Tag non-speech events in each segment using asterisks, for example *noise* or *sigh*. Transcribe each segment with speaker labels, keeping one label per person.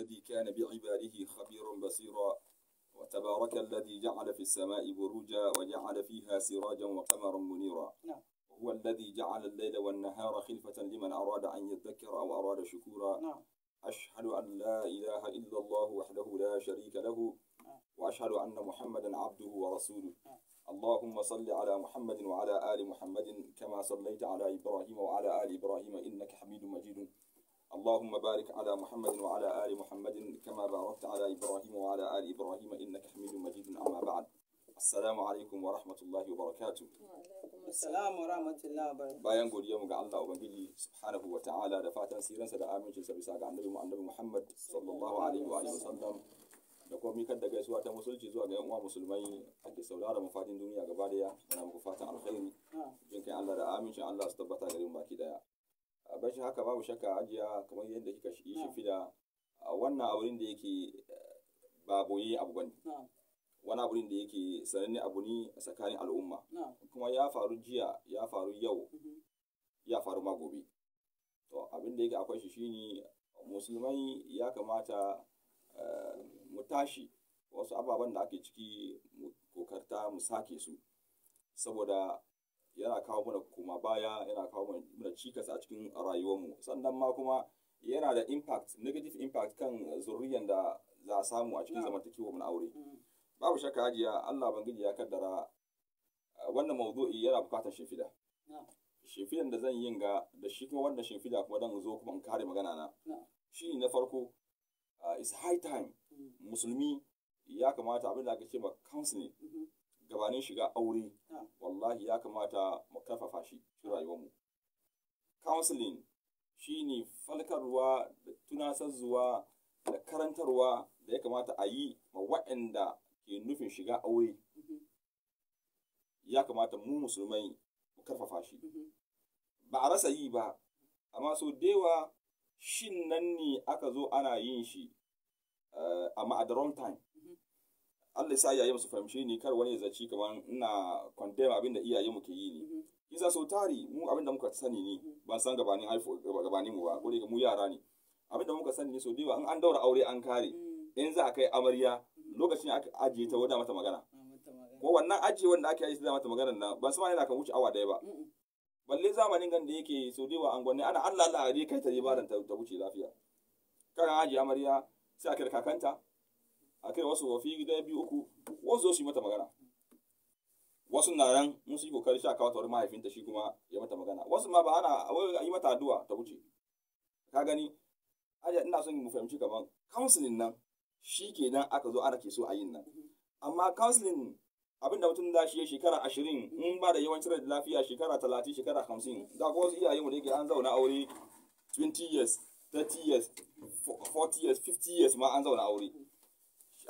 Speaker 1: الذي كان بعباده خبيرا بصيرا وتبارك الذي جعل في السماء بروجا وجعل فيها سراجا وقمرا منيرا نعم. هو الذي جعل الليل والنهار خلفة لمن أراد أن يذكر أو أراد شكورا نعم. أشهد أن لا إله إلا الله وحده لا شريك له نعم. وأشهد أن محمدا عبده ورسوله نعم. اللهم صل على محمد وعلى آل محمد كما صليت على إبراهيم وعلى آل إبراهيم إنك حميد مجيد اللهم بارك على محمد وعلى آل محمد كما باركت على إبراهيم وعلى آل إبراهيم إنك حميد مجيد أما بعد Assalamu alaikum wa rahmatullahi wa barakatu. Assalamu wa rahmatullahi wa Bayan godiya mu ga Allah Ubangiji subhanahu wa ta'ala da fatan siransa da amincinsa bisa ga annabi annabi Muhammad sallallahu da kuma mikar da gaisuwa ta musulci zuwa ga yan uwa musulmai ake saurara mafadin duniya gaba daya muna muku fatan alkhairi jin kai Allah da amincin Allah su tabbata gare mu baki daya. bashin haka babu shakka ajiya kamar yadda kika yi shi fida wannan abin da yake eh, ba boye abu bane wani abu da yake sananne abu ne a tsakanin al'umma kuma ya faru jiya ya faru yau mhm. ya faru ma gobe to abin da yake akwai shi shine musulmai ya kamata eh, mu tashi wasu ababen da ake ciki mu kokarta mu sake su saboda yana kawo mana kuma baya yana kawo mana cikas a cikin rayuwarmu sannan ma kuma yana da impact negative impact kan zuriyar da za a samu a cikin zamantakewar na aure mm. babu shakka hajiya Allah bangiji ya kaddara eh, wannan mawdu'i yana bukatar shimfida shimfidan da zan yin ga da shi kuma wannan shimfida kuma dan zo kuma in kare magana na shi na farko eh, is high time mm. musulmi ya kamata abin da aka ce ma counseling mm-hmm. gabanin shiga aure ah. wallahi ya kamata mu kafafa shi shi rayuwarmu counseling shi ne falkarwa da zuwa da karantarwa da ya kamata a yi ma waɗanda ke nufin shiga aure mm-hmm. ya kamata mu musulmai mu karfafa shi mm-hmm. ba a rasa yi ba amma so dewa shin nan ne aka zo ana yin shi eh, a ma'adaron time Allah ya sa iyayen su fahimce ni kar wani ya zaci kamar ina condemn abin da iyayen mu ke yi ne mhm. kisa so tari mu abin da muka sani ne mhm. ban san gabanin haifo gabanin mu ba ko mu yara ne abin da muka sani ne so diwa in an daura aure an kare mm. in za a kai amarya mm. lokacin aka ajiye ta wadda mata magana ko wannan ajiye wanda aka yi ta mata magana nan ban san yana kan wuce awa daya ba balle zamanin gan da yake so diwa an gwanne ana Allah Allah a kai ta ibadan ta wuce lafiya kan ajiye amarya sai a kai kakanta a kai wasu wafi guda biyu uku wasu zo shi mata magana wasu na nan mun su yi kokari sha kawo tawar mahaifinta shi kuma ya mata magana wasu ma ba ana yi mata addu'a ta wuce ka gani aja ina son mu fahimci kaman counseling nan shi ke nan aka zo ana ke so a yin nan amma counseling abinda mutum da shi shekara ashirin in ba da yawancin da lafiya shekara talatin shekara hamsin da ko wasu iyaye mu da yake an zauna aure 20 years 30 years 40 years 50 years ma an zauna aure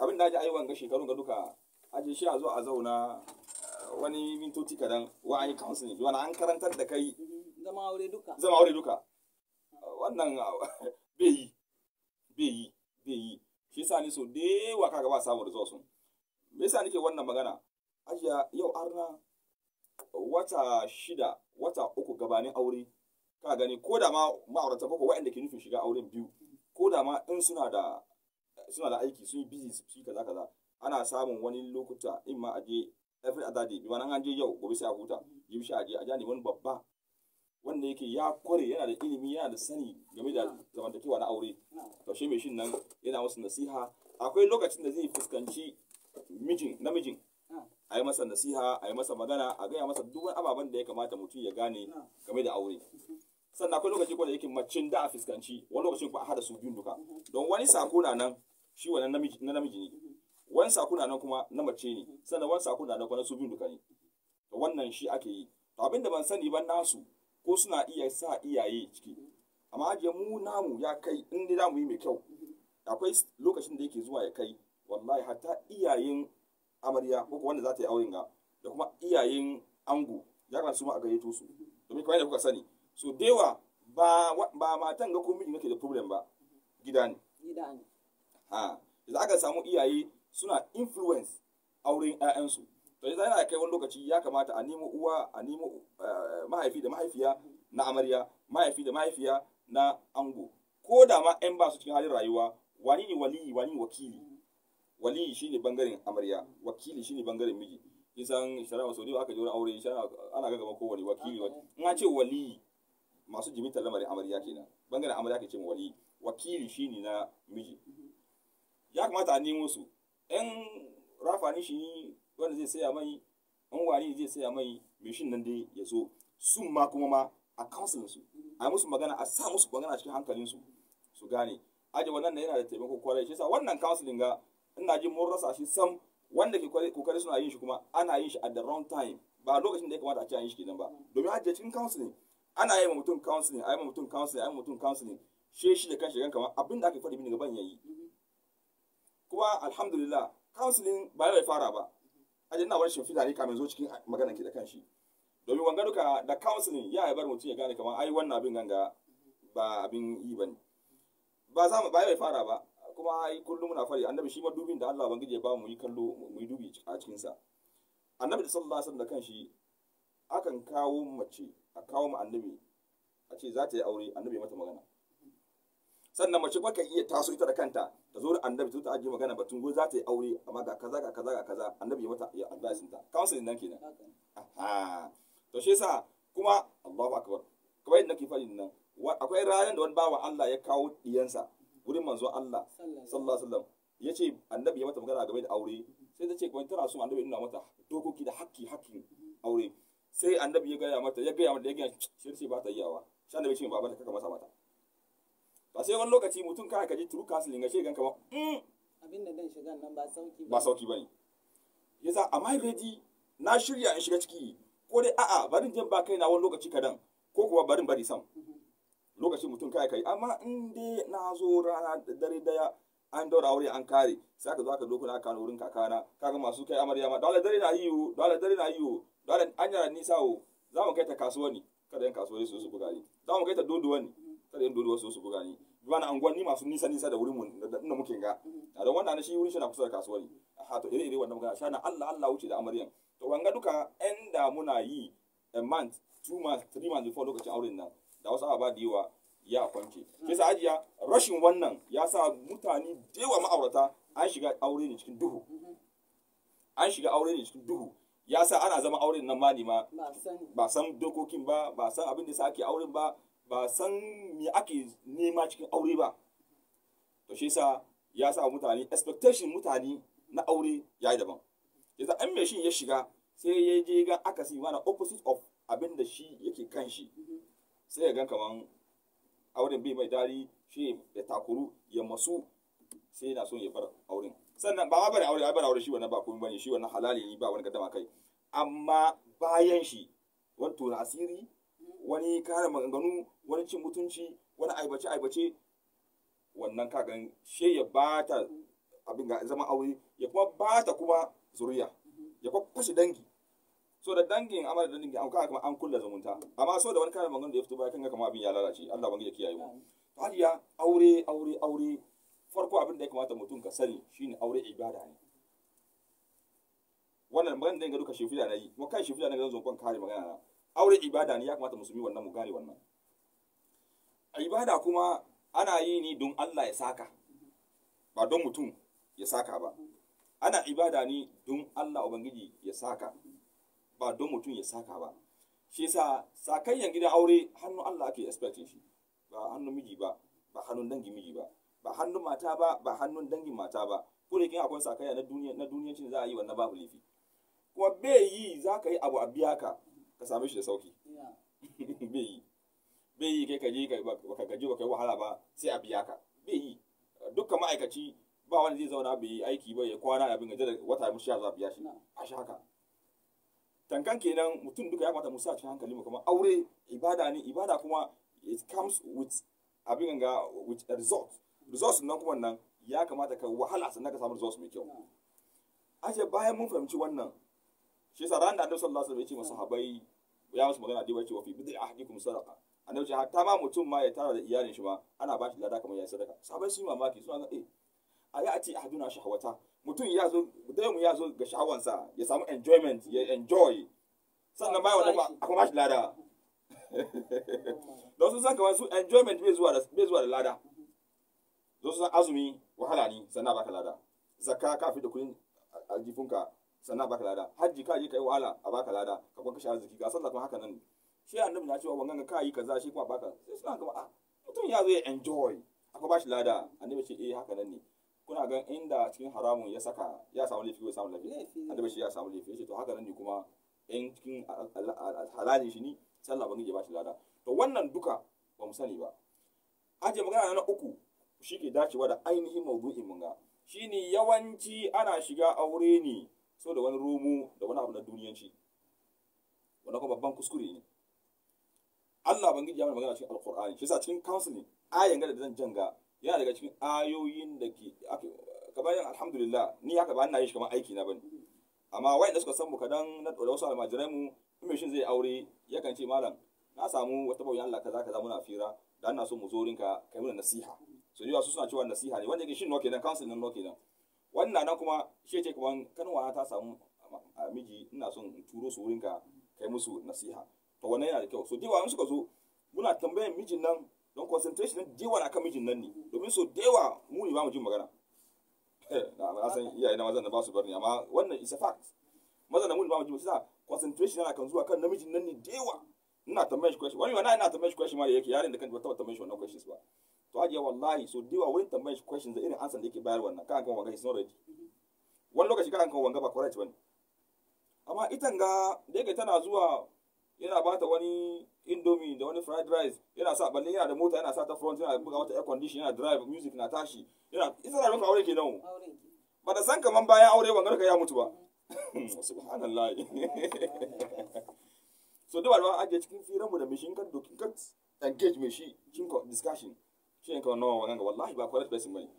Speaker 1: abin da ake ayi wanga shekaru ga duka aji shi a zo a zauna eh, wani mintoci kadan wa an yi counseling wani an karantar da kai zama
Speaker 2: aure duka zama
Speaker 1: aure duka wannan *laughs* bai yi bai yi bai yi shi sa ni so da yawa kaga ba da results me yasa nake wannan magana ajiya yau arna wata shida wata uku gabanin aure ka gani ko da ma ma'aurata ko waɗanda ke nufin shiga auren biyu ko da ma in suna da suna da aiki sun yi su yi kaza kaza ana samun wani lokuta in ma aje every other day bi ma an je yau gobe sai a huta jibi shi aje aje ne wani babba wanda yake ya kware yana da ilimi yana da sani game da zamantakewa na aure to shi mai nan yana musu nasiha akwai lokacin da zai fuskanci mijin namijin a yi masa nasiha a yi masa magana a gaya masa duk wani ababen da ya kamata mutum ya gane game da aure sannan akwai lokaci ko da yake macin da a fuskanci wani lokaci ba a hada su biyun duka don wani sako na nan shi wannan na namiji ne wan sakuna nan kuma na mace ne sannan wan sakuna nan kuma na su biyu duka ne wannan shi ake yi to abin da ban sani ba nasu ko suna iya sa iyaye ciki amma ajiye mu namu ya kai in dai zamu yi mai kyau akwai lokacin da yake zuwa ya kai wallahi hatta iyayen amarya ko wanda za ta yi auren ga da kuma iyayen ango ya kan su ma a gayyato su domin kamar da kuka sani so dewa ba ba matan ga ko miji nake da problem ba gida ne gida ne ha da aka samu iyaye suna influence auren ƴaƴansu to yanzu yana kai wani lokaci ya kamata a nemo uwa a nemo eh, mahaifi da mahaifiya na amarya mahaifi da mahaifiya na ango ko da ma ƴan ba su cikin halin rayuwa wani ne waliyi wani ne wakili waliyi shine bangaren amarya wakili shine bangaren miji kisan shari'a sau aka jira aure ana ga gaba wani wakili in an ce waliyi masu jimi lamarin amarya kenan bangaren amarya ke ce waliyi wakili shine na miji ya kamata a nemo su ɗan rafa ni shi wanda zai saya mai ɗan wani zai saya mai mishin nan dai ya zo sun ma kuma ma a kansulin su a yi musu magana a sa musu magana cikin hankalin su su gane ajiye wannan yana da taimako kwarai shi sa wannan kansulin ga ina ji mun rasa shi sam wanda ke kokari suna yin shi kuma ana yin shi at the wrong time ba lokacin da ya kamata a ce an yi shi kenan ba domin ajiye cikin counseling ana yi wa mutum counseling a yi wa mutum counseling a yi wa mutum counseling shi shi da kanshi gan kamar abin da aka faɗi mini gaban yayi kuma alhamdulillah counseling ba zai fara ba aje ina wani shimfiɗa ne kamin zo cikin magana ki da kanshi domin wanga duka da counseling ya bar mutum ya gane kamar ai wannan abin ganga ba abin yi bane ba za mu ba zai fara ba kuma ai kullum muna fari annabi shi ma dubin da Allah ubangiji ya ba mu yi kallo mu yi dubi a cikin sa annabi sallallahu alaihi wasallam da kanshi akan kawo mace a kawo mu annabi a ce za ta yi aure annabi mata magana sannan mace baka iya taso ita da kanta ta zo da annabi ta ajiye magana batun go za ta yi aure amma ga kaza ga kaza ga kaza annabi ya mata ya advice ta counseling nan kenan aha to shi yasa kuma Allahu akbar kamar yadda nake fadin nan akwai ranar da wani bawa Allah ya kawo diyansa wurin manzo Allah sallallahu alaihi wasallam ya ce annabi ya mata magana game da aure sai ta ce kuma tana so annabi ya nuna mata dokoki da hakki hakki aure sai annabi ya gaya mata ya gaya mata ya gaya shi ce ba ta yawa sai annabi ya ce ba ba ta kaka masa mata a sai wani lokaci mutum kai ka ji true counseling shi ganka ba
Speaker 2: abin da dan shigan nan ba sauki ba sauki
Speaker 1: bane yasa am I ready na shirya in shiga ciki ko dai a'a barin jin ba kai na wani lokaci kadan ko kuwa barin bari sam mhm. lokaci mutum kai kai amma in dai na zo rana dare daya an daura aure an kare sai ka zo ka doko na ka wurin kakana kaga masu kai amarya ma dole dare na yiwo dole dare na yiwo dole an yara nisa wo za mu kai ta kasuwa ne kada yan kasuwa su su buga ni za mu kai ta dodo wani mhm. kada yan dodo su su buga ni zuwa na anguwan masu nisa nisa da wurin mu inda muke ga a don wannan shi wurin shi na kusa da kasuwa ne a hato ire ire wannan magana shana Allah Allah wuce da amaryan to wanga duka ɗan da muna yi a month two months three months before lokacin auren nan da wasu ababa da yawa ya kwance shi sa ajiya rashin wannan ya sa mutane da yawa ma'aurata an shiga aure ne cikin duhu an shiga aure ne cikin duhu ya sa ana zama auren nan ma ma ba san dokokin ba ba san abin da sa ake auren ba ba san me ake nema cikin aure ba to shi yasa ya sa mutane expectation mutane na aure yayi daban yasa an me shi ya shiga sai ya je ga akasi mana opposite of abin da shi yake kan shi sai ya gan kaman auren bai mai dari shi ya takuru ya masu sai yana son ya bar auren sannan ba bari aure ya bar aure shi wannan ba komai bane shi wannan halali ne ba wani gaddama kai amma bayan shi wani tura asiri wani kare maganganu wani cin mutunci wani aibace aibace wannan ka gan she ya bata abin ga zama aure ya kuma bata kuma zuriya ya kuma kashe dangi so da dangin amma da dangin an kuma an kulla zumunta amma so da wani kayan magana da ya fito baya kan kamar abin ya lalace Allah bangi ya kiyaye mu hadiya aure aure aure farko abin da ya kamata mutum ka sani shine aure ibada ne wannan magana da ga duka shefiya na yi kuma kan shefiya na ga zan zo kan kare magana na aure ibada ne ya kamata musulmi wannan mu gane wannan ibada kuma ana yi ni don Allah ya saka ba don mutum ya saka ba ana ibada ni don Allah ubangiji ya saka ba don mutum ya saka ba shi yasa sakayyan gidan aure hannu Allah ake expecting shi ba hannun miji ba ba hannun dangin miji ba ba hannun mata ba ba hannun dangin mata ba ko da kin akwai sakayya na duniya na duniyancin za a yi wannan babu laifi kuma bai yi za ka yi abu a biya ka ka same shi da sauki *laughs* bai yi bai yi kai ka je ka gaji ba kai wahala ba sai a biya ka bai yi dukkan ma'aikaci ba wanda zai zauna bai yi aiki ba ya kwana abin gaji da wata mu sha za a biya shi a shi haka tankan kenan mutum duka ya kamata mu sa cikin hankali mu kuma aure ibada ne ibada kuma it comes with abin ga with a result result nan kuma nan ya kamata ka wahala sannan ka samu result mai kyau ce bayan mun fahimci wannan shi yasa ran da Annabi sallallahu alaihi wasallam ya ce masahabai ya musu magana dai ya ce wa fi bid'i ahdikum sadaqa annabi ce hatta ma mutum ma ya tara da iyalin shi ma ana ba shi lada kamar ya sadaka sabai sun mamaki suna ga eh a ya ce haduna shahwata mutum ya zo da ya zo ga sha'awansa ya samu enjoyment ya enjoy sannan bai wanda ba kuma shi lada *laughs* don sun san kamar su enjoyment bai zuwa da bai zuwa da lada don sun san azumi wahala ne sannan baka lada zakka kafi da kudin aljifunka sannan baka lada hajji ka je kai wahala a baka lada ka kuma kashe arziki ga sallah kuma haka nan shi annabi na cewa wannan ka yi kaza shi kuma baka sai suna gaba a ah, mutum ya zo ya enjoy aka ba shi lada annabi ce eh haka nan ne kuna gan inda cikin haramun ya saka ya samu laifi ya samu laifi annabi shi ya samu laifi ce to haka nan ne kuma in cikin halalin shi ne sallah ban ya ba shi lada to wannan duka ba mu sani ba aje magana na uku shi ke dacewa da ainihin maudu'in mun ga shine yawanci ana shiga aure ne so da wani romo da wani abu na duniyanci wannan kuma babban kuskure ne Allah ban gidi ya magana cikin Alƙur'ani shi yasa cikin counseling ayan gada da zan janga yana daga cikin ayoyin da ke ka bayan alhamdulillah ni haka ba ina yin shi kamar aiki na bane amma da suka san mu kadan na dole wasu almajirai mu in shin zai aure yakan ce malam na samu wata bauyan Allah kaza kaza muna fira da ina so mu zo rinka kai mana nasiha so yau su suna cewa nasiha ne wanda yake shin no kenan counseling no kenan wannan nan kuma shi ce kuma kanwa ta samu miji ina son in turo su wurinka kai musu nasiha to wannan yana da kyau so dewa suka zo muna tambayan mijin nan don concentration na dewa na kan mijin nan ne domin so dewa mu ne ba mu jin magana eh, na san iyaye na mazan da ba su bar ni amma wannan is a fact mazan da mu ne ba mu jin sa concentration yana kan zuwa kan namijin nan ne dewa ina tambayan shi question wani wannan ina tambayan shi question ma da yake yarin da kan taba tambayar shi wannan questions ba to ajiya wallahi so dewa wani tambayan shi questions da irin answer da yake bayar wannan kan kan wanga is not ready wani lokaci kan kan wanga ba correct bane amma ita ga da yake tana zuwa yana bata wani indomie da wani fried rice yana sa balle yana da mota yana sa ta front yana buga wata air condition yana drive music na tashi yana isa da maka aure kenan ba da san kaman bayan aure ban garka ya mutu ba *laughs* subhanallah *laughs* so duk ba aje cikin mu da mishin kan dokin kan engage me shi cikin discussion shi ne kawai nawa wannan ga wallahi ba correct person bane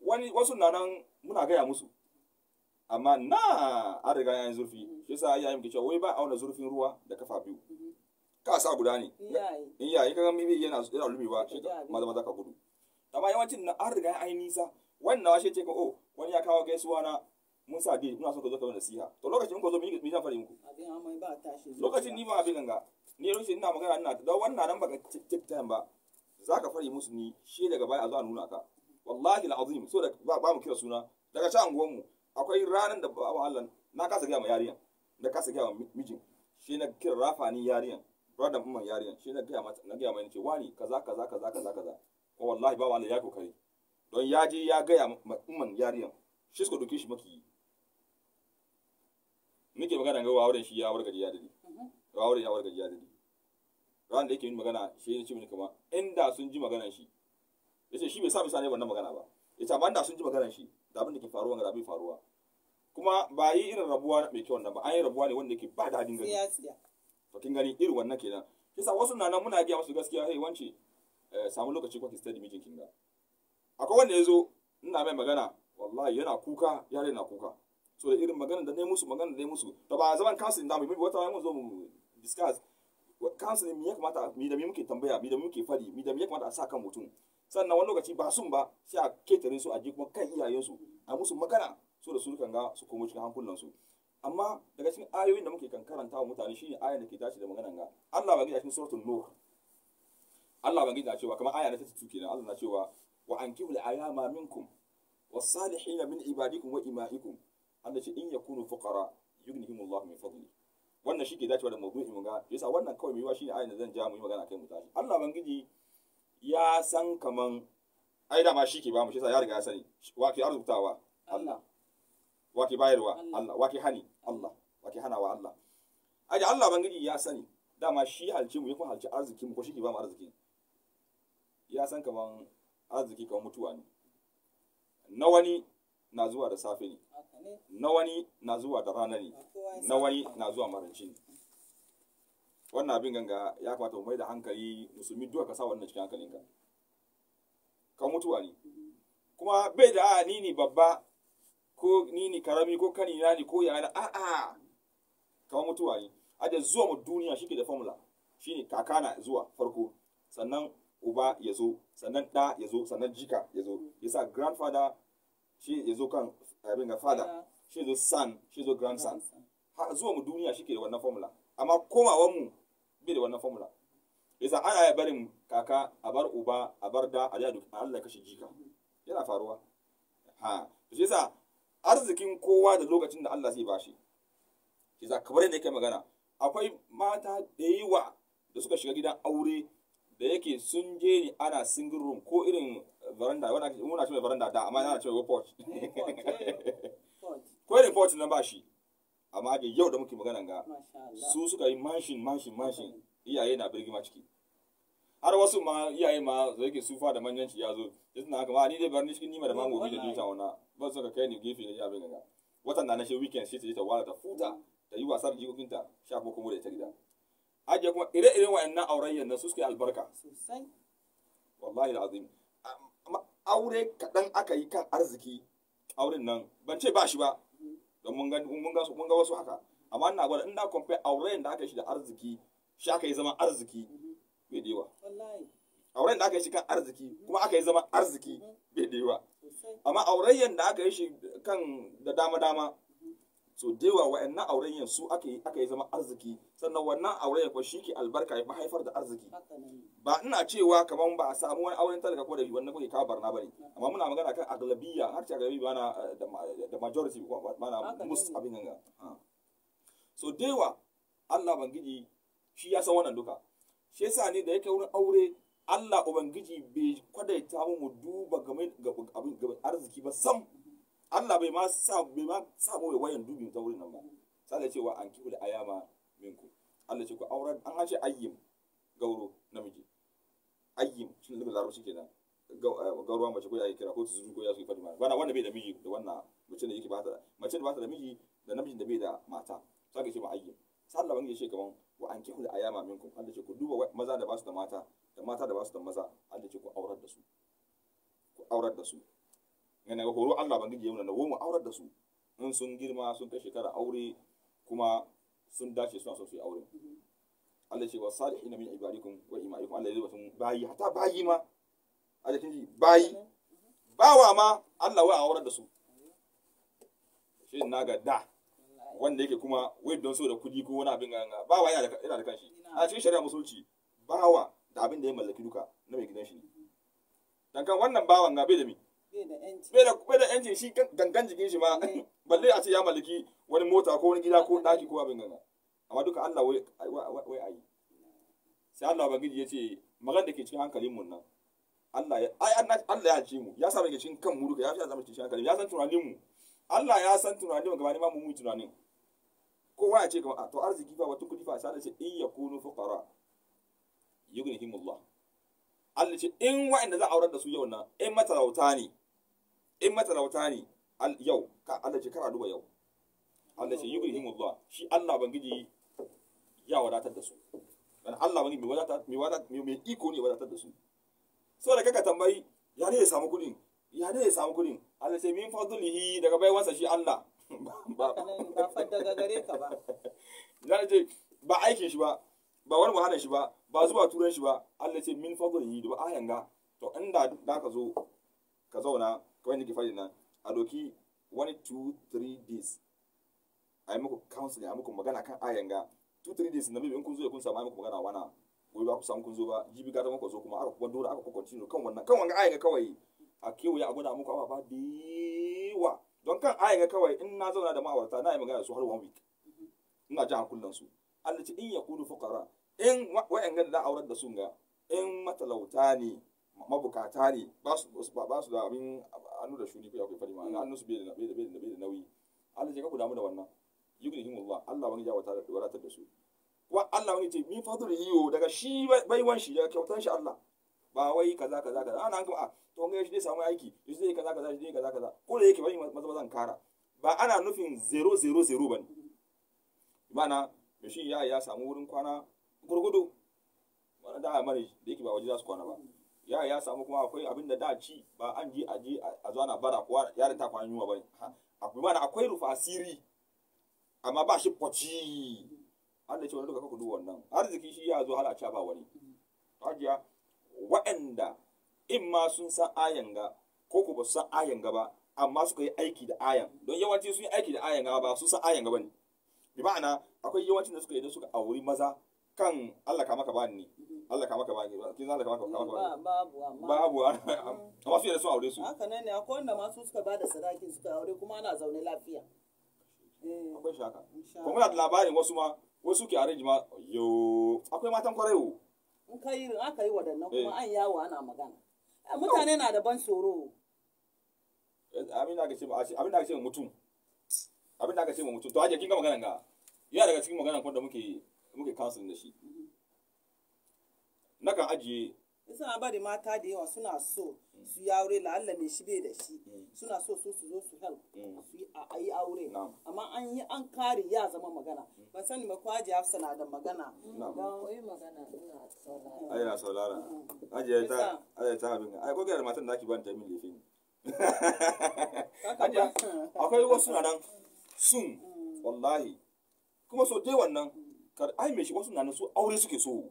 Speaker 1: wani wasu na nan muna gaya musu amma na an riga yayin zurfi shi sa yayin ke cewa wai ba auna zurfin ruwa da kafa biyu ka sa guda ne in yayi gan mimi yana yana lumewa shi maza maza ka gudu amma yawancin na an riga yayin nisa wannan shi ce ka oh wani ya kawo gaisuwa na mun sa dai muna son ka zo ka siya to lokacin ko zo mu yi mu fara muku lokacin ni ma abin ganga ni lokacin ina magana ina da wannan nan baka tiktok ba zaka fari musu ni shi daga baya a zo a nuna ka wallahi alazim so da ba mu kira suna daga can anguwan mu akwai ranar da babu Allah na kasa gaya ma yariyan na kasa gaya ma mijin shi na kira rafani yariyan brother kuma yariyan shi na gaya ma na gaya ma ce wani kaza kaza kaza kaza kaza ko wallahi babu Allah ya kokari don ya je ya gaya ma umman yariyan shi suka doke shi maki nake magana ga wawurin shi ya wargaje ya dadi wawurin mm-hmm. ya wargaje ya dadi ran da yake yin magana shi ya ce mini kuma inda sun ji magana shi yace shi bai sa misali wannan magana ba yace amma inda sun ji magana shi da abin da ke faruwa ga abin faruwa kuma ba yi irin rabuwa mai kyau wannan ba an yi rabuwa ne wanda ke ba daɗin gani to kin gani irin wannan kenan kisa wasu na nan muna gaya musu gaskiya hey wance eh, samu lokaci kwa ki study mijin kin ga akwai wanda yazo ina mai magana wallahi yana kuka ya na kuka so da irin magana da nayi musu magana da nayi musu to ba zaman counseling da mu bi wata mu zo mu discuss counseling me ya kamata mi da me muke tambaya mi da muke fadi mi da me ya kamata a sa kan mutum sannan wani lokaci ba sun ba sai a ketare su a ji kuma kan iyayensu a musu magana su da su kan ga su komo cikin hankulan su amma daga cikin ayoyin da muke kan karanta wa mutane shine ayan da ke dace da magana ga Allah bangida cikin suratul nur Allah bangida cewa kamar aya na 32 kenan Allah na cewa wa ankihu al-ayama minkum was-salihin min ibadikum wa imaikum Allah ce in yakunu fuqara yughnihimullahu min fadli wannan shi ke dacewa da mawdu'in mu ga yasa wannan kawai mai yiwa shine ayan da zan ja mu yi magana kai mutane Allah bangiji ya san kaman ai dama shi ke ba mu shi sa ya riga ya sani wa ke arzutawa Allah wa ke bayarwa Allah wa ke hani Allah wa ke hanawa Allah aje Allah bangiji ya sani dama shi halci mu ya kuma halci arziki mu ko shi ke ba mu arziki ya san kaman arziki kaman mutuwa ne na wani na zuwa da safe ne na wani na zuwa da rana ne na wani na zuwa maranci ne wannan abin ganga ya kamata mu mai da hankali musulmi duka ka sa wannan cikin hankalinka kan mutuwa ne kuma bai da a ni ne babba ko ni ne karami ko kani na ne ko na, a'a kamar mutuwa ne a da zuwa mu duniya shi ke da formula shi ne kakana zuwa farko sannan uba ya zo sannan ɗa ya zo sannan jika ya zo ya sa grandfather shi ya zo kan abin ga father shi zo son shi zo grandson zuwa mu duniya shi ke da wannan formula amma komawan mu bai da wannan formula yasa ana ya barin kaka a bar uba a bar da a jadu a Allah kashe jika yana faruwa ha to yasa arzikin kowa da lokacin da Allah zai bashi yasa kamar yadda yake magana akwai mata da yawa da suka shiga gidan aure da yake sun je ne ana single room ko irin veranda wanda muna cewa veranda da amma yana cewa porch eh. *laughs* ko irin porch nan ba shi amma da yau da muke magana ga su suka yi mashin mashin mashin iyaye na birgima ciki har wasu ma iyaye ma zai ke sufa da manyanci ya zo yanzu na ma ni dai bar ni cikin nima da mamobi da duka wana su saka kai ni gefe da ya bai ga watan na na shi weekend shi ta je ta wala ta futa ta yi wasa da jikokinta sha ko kuma da ita gida ajiye kuma ire-iren wayannan aurayyan na su suke albarka sosai wallahi azim aure kaɗan aka yi kan arziki auren nan ban ce ba shi ba don mun ga mun ga su mun ga wasu haka amma ina gwada ina compare auren da aka shi da arziki shi aka yi zama arziki bai da yawa auren da aka yi shi kan arziki kuma aka yi zama arziki mhm. bai da yawa amma auren da aka yi shi kan da dama dama so da yawa wa'annan auren su aka yi aka yi zama arziki sannan wannan auren ya shi ke albarka ya haifar da arziki ba ina cewa kamar ba a samu wani auren talaka ko da wannan kuke kawo barna bane amma muna magana kan aglabiya har ce aglabi bana eh, da majority bana mus abin nan so da yawa Allah bangiji shi ya san wannan duka shi yasa ne da yake wurin aure Allah ubangiji bai kwadaita mu duba game ga arziki ba sam Allah bai ma sa bai ma sa mu wayan dubin ta wurin nan ba sai da cewa an da ayama minku Allah ce ku auran an hace ayyim gauro namiji ayyim ne da shi kenan ba eh, mace ko ya kira ko tuzuru ko ya su fadima bana wanda bai da miji da wannan mace da yake ba ta mace da ba ta da miji da namijin da bai da mata sai da ce ayyim sai Allah wani ya ce kaman wa an da ayama minku? Allah ce ku duba maza da ba su da mata da mata da ba su da maza Allah ce ku aurar da su ku aurar da su ga horo Allah ban gije na nawo mu aurar da su in sun girma sun kai shekara aure kuma sun dace suna so su yi aure Allah ce wa salihina min ibadikum wa imaikum Allah ya zuba sun bayi hatta bayi ma Allah kin bayi bawa ma Allah wai aurar da su shi na ga da wanda yake kuma wai don so da kudi ko wani abin ganga bawa yana da yana da kanshi a cikin shari'a musulci bawa da abin da ya mallaki duka na mai gidan shi dan kan wannan bawan ga bai da mi bai da yanci shi gangan jikin shi ma eh. *laughs* balle a ce ya mallaki wani mota ko wani gida ko daki ko abin gana amma duka Allah wai ayi sai Allah gidi ya ce magana da ke cikin hankalin mun nan Allah ya ce mu ya sa ke cikin kan mu duka ya fi zama cikin hankalin ya san tunanin mu Allah ya san tunanin mu gabanin ma mu mu tunanin kowa ya ce kamar to arziki fa wata kudi fa sai ce in yakunu fuqara yughnihimullah Allah ce in wa'anda za a aurar da su yau nan in matalauta ne in matalauta ne yau ka Allah ce kara duba yau Allah ce himu zuwa shi Allah bangiji ya wadatar da su dan Allah bangiji mai wadatar mai wadatar mai iko ne wadatar da su da kaka tambayi ya ne ya samu kudin ya ne ya samu kudin Allah ce min fadlihi daga baiwansa shi Allah *laughs* ba ba fadda gare ka ba *laughs* ya ce ba aikin shi ba ba wani wahalar shi ba ba zuwa turan shi ba Allah ce min fadlihi da ba ayanga to inda da ka zo ka zauna kawai nake faɗi na a doki wani two three days a yi muku counseling a muku magana kan ayan ga two three days na bibi in kun zo ya kun samu a yi muku magana wana gobe ba ku samu kun zo ba jibi gata muku zo kuma aka kuma dora aka kuma continue kan wannan kan wannan ayan ga kawai a kewaye a gwada muku ba da yawa don kan ayan ga kawai in na zauna da ma'aurata na yi magana su har one week ina jan hankulan su Allah ce in ya kudu fuqara in wa'yan ga da aurar da sun ga in matalauta ne mabukata ne ba su da abin hannu da shuni kuya kuwa fadi ma'ana hannu su bai da nauyi Allah ce ka damu da wannan yugnihim Allah Allah wani ya wadatar da su wa Allah wani ce min fadlihi yiwo daga shi baiwan shi daga kyautan shi Allah ba wai kaza kaza kaza ana kuma a ah, to ga shi dai samu aiki shi zai kaza kaza shi zai kaza kaza ko da yake wani maza zan kara ba ana nufin 000 bane mana shi ya ya samu wurin kwana gurgudu wani da amare da yake ba waje za su kwana ba ya ya samu kuma akwai abin da da ci ba an ji a je a zo ana bara kuwa yaron ta kwanan yunwa ba akwai mana akwai rufa asiri amma ba shi kwaci an da ce wani duka kudu wannan arziki shi ya zo har a ca ba wani hajiya waɗanda in ma sun san ayan ga ko ku ba su san ayan ga ba amma suka yi aiki da ayan don yawanci sun yi aiki da ayan ga ba su san ayan ga ba ne bi ma'ana akwai yawancin da suka yi da suka auri maza kan Allah ka maka ba ni Allah ka maka ba ni kin Allah ka maka ba
Speaker 2: babu amma babu
Speaker 1: amma su da su aure su haka
Speaker 2: ne ne akwai wanda ma su suka ba da sadakin suka aure kuma ana zaune lafiya
Speaker 1: eh. akwai shaka ko muna da labarin wasu ma wasu ke arrange ma yo akwai matan kwarai wo
Speaker 2: in ka yi aka yi wadannan kuma eh. an yawo ana magana eh,
Speaker 1: mutane na da ban tsoro abin da aka ce abin da aka ce mutum abin da aka ce mutum to aje kin ga maganan ga yana daga cikin maganan kun da muke muke counseling da shi kan ajiye
Speaker 2: suna bari mata da yawa suna so su yi aure la'alla mai shi da shi suna so su su zo su help su yi aure amma an yi an kare ya zama magana ban ni ba kwaji hafsa na da magana ai na
Speaker 1: saurara ajiye ta yi ta abin ai ko da matan da ake ban jami'in lefe ne akwai wasu na nan sun wallahi kuma so dai wannan Kar ai me shi wasu na su aure suke so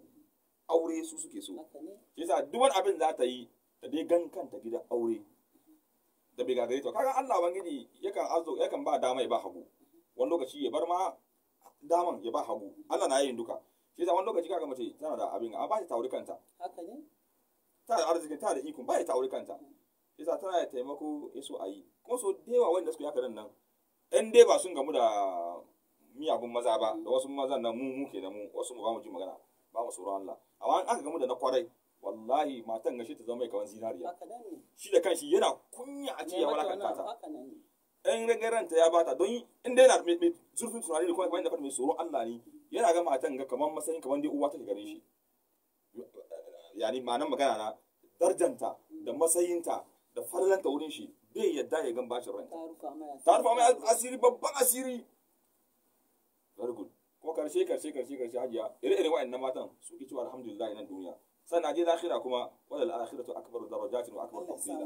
Speaker 1: aure su suke so shi yasa duk wani abin za ta yi ta dai gan kanta gida aure da bai gagare to kaga Allah bangiji yakan azo yakan ba dama ya ba hagu wani lokaci ya bar ma daman ya ba hagu Allah na yin duka shi yasa wani lokaci kaga mace tana da abin amma ba ta aure kanta haka ne ta da arziki ta da ikon ba ta aure kanta shi yasa tana da taimako ya so ayi. kuma so dewa wanda suka yi haka nan ɗan dai ba sun gamu da miyagun maza ba da wasu mazan nan mu muke da mu wasu ba mu ji magana ba mu tsoron Allah amma an aka gamu da na kwarai wallahi matan gashi ta zama mai kaman zinariya shi da kanshi yana kunya a ce ya walakanta ta in rage ranta ya bata don in dai yana mai zurfin tunani da kuma kamar yadda mai tsoron Allah ne yana ga matan ga kaman matsayin kaman dai uwa take gare shi yani ma'anar magana na darjanta da matsayinta da farlanta wurin shi bai yadda ya gan bacin
Speaker 3: ranta ta rufa mai
Speaker 1: asiri babban asiri very good ko karshe karshe karshe karshe hajiya ire-iren wa'annan matan su ki cewa alhamdulillah nan duniya sannan je lahira kuma wadal akhiratu akbaru darajatin wa akbaru tafdila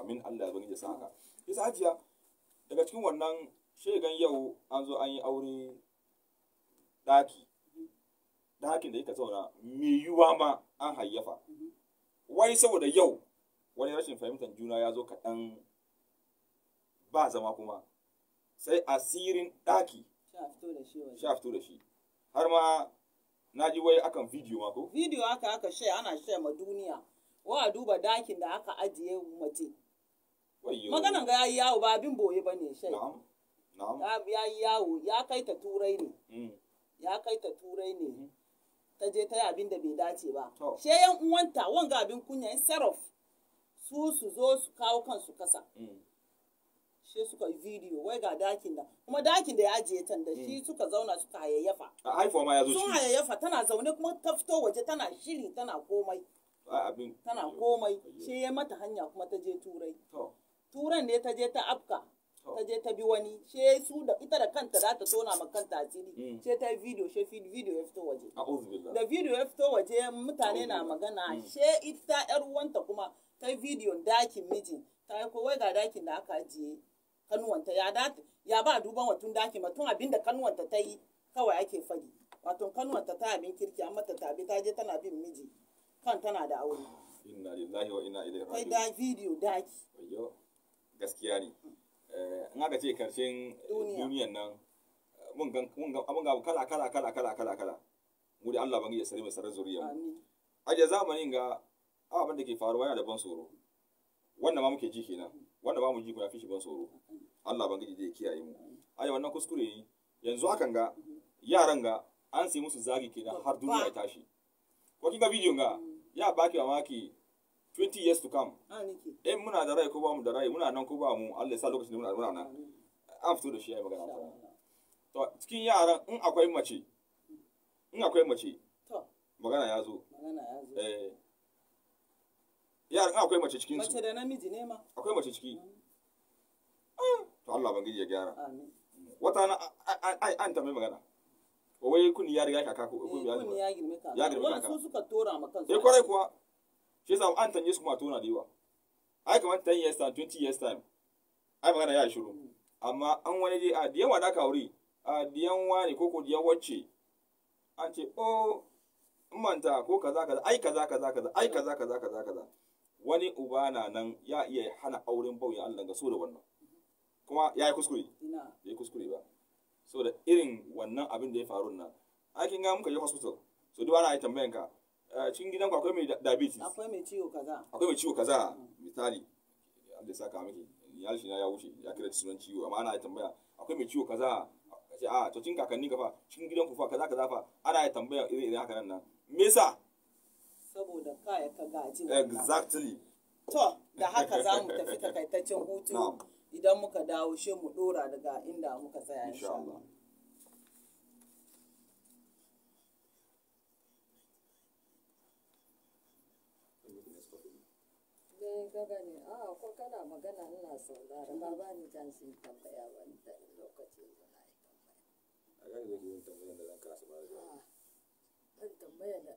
Speaker 1: amin Allah ya bangije sa haka yasa hajiya daga cikin wannan shegan yau an zo an yi aure daki dakin da yake zauna me yuwa ma an hayyafa wai saboda yau wani rashin fahimtar juna ya zo kaɗan ba zama kuma sai asirin ɗaki sha fito da shi har ma na ji wai akan video ma ko video aka aka she ana she
Speaker 2: ma duniya wa duba dakin da aka ajiye mace maganan ga yayi yawo ba abin boye bane shai na'am na'am yayi yawo ya kai ta turai ne mm. ya kai ta turai ne mm-hmm. ta je ta yi abin da bai dace ba she yan uwanta wanga abin kunya in sarof su su zo su kawo kansu kasa mm. shi suka yi video wai ga dakin da kuma dakin da ya ajiye tan da shi hmm. suka zauna suka hayayyafa a haifuwa ma ya zo sun hayayyafa tana zaune kuma ta fito waje tana shiri tana komai tana komai shi ya mata hanya kuma ta je turai turan ne ta je ta afka ta je ta bi wani she su da ita da kanta za ta tona ma kanta a cikin. she ta yi video she video ya fito waje da video ya fito waje mutane na magana hmm. she ita yar uwanta kuma ta yi video dakin mijin ta yi kowai ga dakin da aka ajiye kanuwanta ya da ya ba duban watun daki ma tun abinda kanuwanta ta yi kawai ake fadi wato kanuwanta ta abin kirki amma ta tabi ta je tana bin miji kan tana da aure
Speaker 1: inna lillahi wa inna ilaihi raji'un kai da
Speaker 2: video daki
Speaker 1: ayyo gaskiya ne eh, in aka ce karshen eh, duniyan nan eh, mun ga mun ga kala kala kala kala kala kala mu da Allah bangi ya sare mu sare zuriyar a aje zamanin ga abin da ke faruwa yana da ban tsoro wannan ma muke ji kenan wanda ba mu ji kuna fishi ban tsoro Allah bangiji zai kiyaye mu ai wannan kuskure ne yanzu akan ga yaran ga an sai musu zagi kenan har duniya ya tashi ko kinga bidiyon ga ya baki maki 20 years to come eh muna da rai ko ba mu da rai muna nan ko ba mu Allah ya sa lokacin da muna muna nan an fito da shi yayi magana to cikin yaran in akwai mace in akwai mace magana ya zo magana ya zo eh yaran akwai mace cikin mace
Speaker 2: da namiji ne ma
Speaker 1: akwai mace ciki ah, to Allah bangiji ya gyara amin wata na ai an tambaye magana wai kun ya riga kaka ko kun ya eh, girme
Speaker 2: ya girme kaka su suka tora ma kansu eh kwarai
Speaker 1: kuwa shi yasa an tanye su kuma tona da yawa ai kamar 10 years time 20 years time ai magana ya shiru mm. amma an wani je a diyan wada a diyan wani ko ko diyan wacce an ce oh manta ko kaza kaza ai kaza kaza kaza kaza kaza kaza kaza wani uba na nan ya iya hana auren bauyin Allah ga so da wannan kuma ya yi kuskure ya yi kuskure ba so da irin wannan abin da ya faru nan aikin ga muka yi hospital so duk ana yi tambayan ka eh, cikin gidan ku akwai mai diabetes
Speaker 2: akwai mai ciwo kaza akwai mai
Speaker 1: ciwo kaza misali Allah ya saka miki iyal shi na ya wuce ya kira sunan ciwo amma ana yi tambaya akwai mai ciwo kaza a ah, to cikin kakanni ka fa cikin gidan ku fa kaza kaza fa ana yi tambaya irin irin haka nan me yasa
Speaker 2: saboda kaya ka gaji wannan exactly to da haka za mu tafi takaitaccen hutu idan muka dawo shi mu dora daga inda muka tsaya insha Allah
Speaker 4: dai eh, ne a ah, ko kana magana ina saurara ba ba ni can tambaya ba ni da lokaci da
Speaker 1: na yi tambaya a kan zai yi tambaya da zan kasa ba da ah,
Speaker 4: zan tambaya da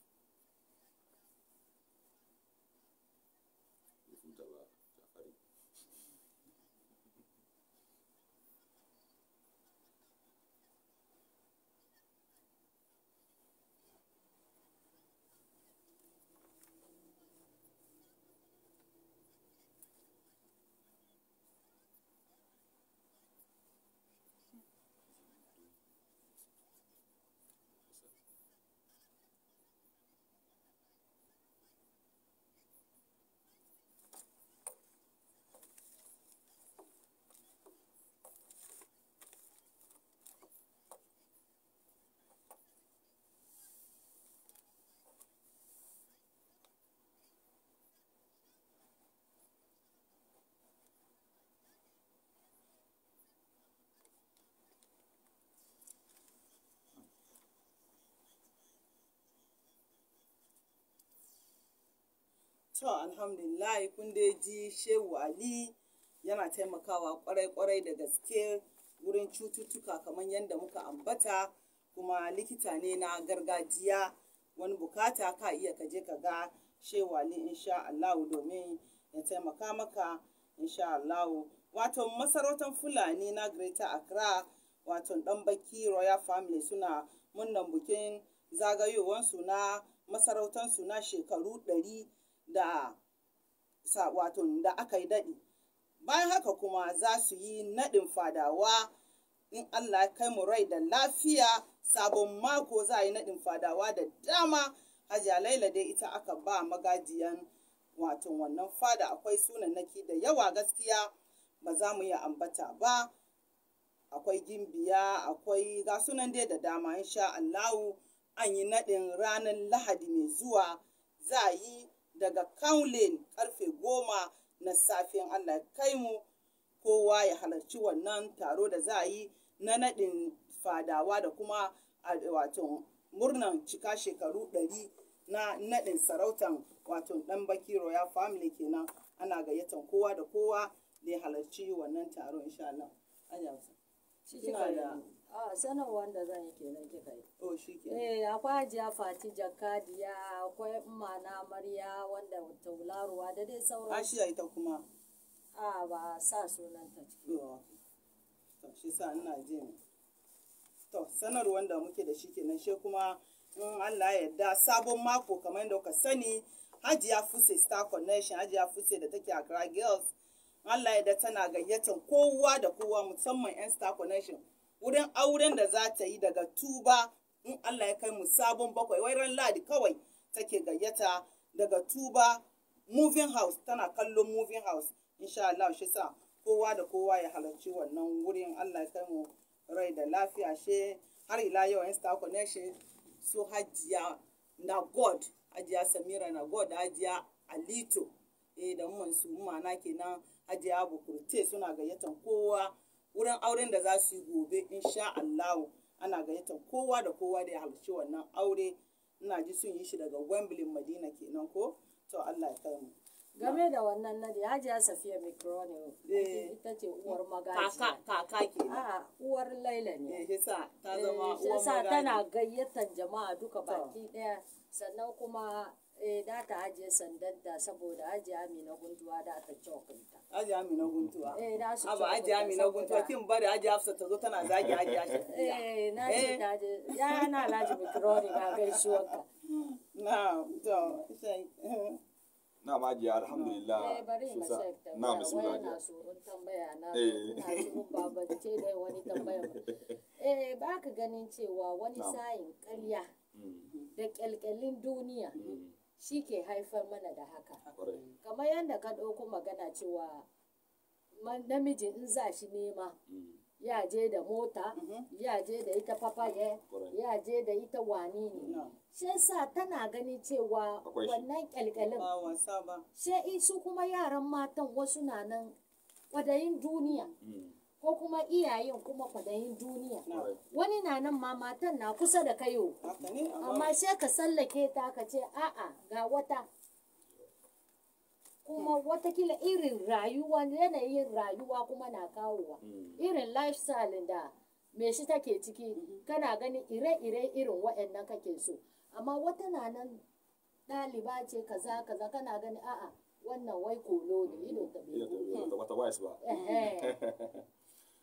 Speaker 2: To, alhamdulillah kun da ji Shehu Ali yana taimakawa kwarai-kwarai da gaske wurin cututtuka kamar yadda muka ambata kuma likita ne na gargajiya wani bukata ka iya kaje ka ga Shehu Ali insha Allah domin ya taimaka maka insha Allah. Wato masarautar Fulani na Greater Accra wato ɗan baki Royal Family suna munnan bukin zagayowansu na masarautarsu na shekaru ɗari. da wato da aka yi daɗi bayan haka kuma za su yi naɗin fadawa in Allah kai mu rai da lafiya sabon mako za a yi naɗin fadawa da dama hajiya laila dai ita aka ba magajiyan wato wannan fada akwai sunanaki da yawa gaskiya ba za mu yi ambata ba akwai gimbiya akwai ga sunan dai da dama insha Allahu an yi naɗin ranar lahadi mai zuwa za a yi daga kaulin karfe goma na safiyan Allah kai mu kowa ya halarci wannan taro da za a yi na naɗin fadawa da kuma wato murnan cika shekaru ɗari na naɗin sarautan wato ɗan baki royal family kenan ana gayyatan kowa da kowa da ya halarci wannan taron insha Allah. a ah, sanin wanda zan yi kenan kika yi oh shi ke eh
Speaker 4: akwai hajiya fati jakadiya akwai umma na amarya wanda taularuwa da dai sauran ashiya ita kuma ah, a ba sa sunan ta ciki
Speaker 2: oh, to shi sa ina jin to sanarwar da muke da shi kenan shi kuma in Allah ya yarda sabon mako kamar yadda kuka sani Hajiya Fuse Star Connection, Hajiya Fuse da take Accra Girls. Allah ya da tana gayyatar kowa da kowa musamman 'yan Star Connection. wurin auren da za ta yi daga tuba in Allah ya kai mu sabon bakwai wai ran ladi kawai take gayyata daga tuba moving house tana kallon moving house insha Allah shi sa kowa da kowa ya halarci wannan wurin Allah ya kai mu rai da lafiya she har ila yau insta connection su hajiya na god hajiya samira na god hajiya alito eh da mun su mana kenan hajiya bukurte suna gayyatan kowa wurin auren da za su yi gobe insha allahu ana gayyatar kowa da kowa da ya halarci wannan aure ina ji sun yi shi daga Wembley Madina kenan ko to Allah ya kai mu game
Speaker 4: da wannan na da hajiya safiya mikroni eh. ita ce uwar magaji kaka ke a uwar laila ne eh, sa ta eh, zama uwar magaji tana gayyatar jama'a duka baki daya sannan kuma eh da ta ajiye sandar da saboda ajiye amina guntuwa da ta cokunta
Speaker 2: ajiye amina guntuwa
Speaker 4: eh da su aba ajiye amina guntuwa kin
Speaker 2: bari ajiye
Speaker 1: hafsa ta zo tana zagi ajiye ajiye
Speaker 4: eh na ce eh? ta je ya na laji mikroni na
Speaker 1: gaisuwar ka na to sai na ma ajiye alhamdulillah eh bari mu sai na bismillah na
Speaker 4: surun tambaya na eh. na ba ce dai wani tambaya eh ba ka ganin cewa wani sayin ƙarya mm. da kyalkyalin duniya mm. shi ke haifar mana da haka kamar yadda ka ɗauko magana cewa namiji in za shi nema mm. ya je da mota mm-hmm. ya je da ita papaye ya je da ita wani ne shi sa tana gani cewa wannan kyalkyalin shi isu kuma yaran matan wasu na nan kwadayin duniya mm. ko kuma iyayen kuma kwadayin duniya wani na nan ma matan na kusa da kayo amma sai ka sallake ta ka ce a'a ga wata kuma watakila irin rayuwa yanayin rayuwa kuma na kawowa mm. irin lifestyle da me shi take ciki mm-hmm. kana gani ire-ire irin waɗannan kake so amma wata na nan ɗaliba ce kaza kaza kana gani a'a wannan wai kolo ne ido ta
Speaker 1: bai wata ba eh, eh. *laughs*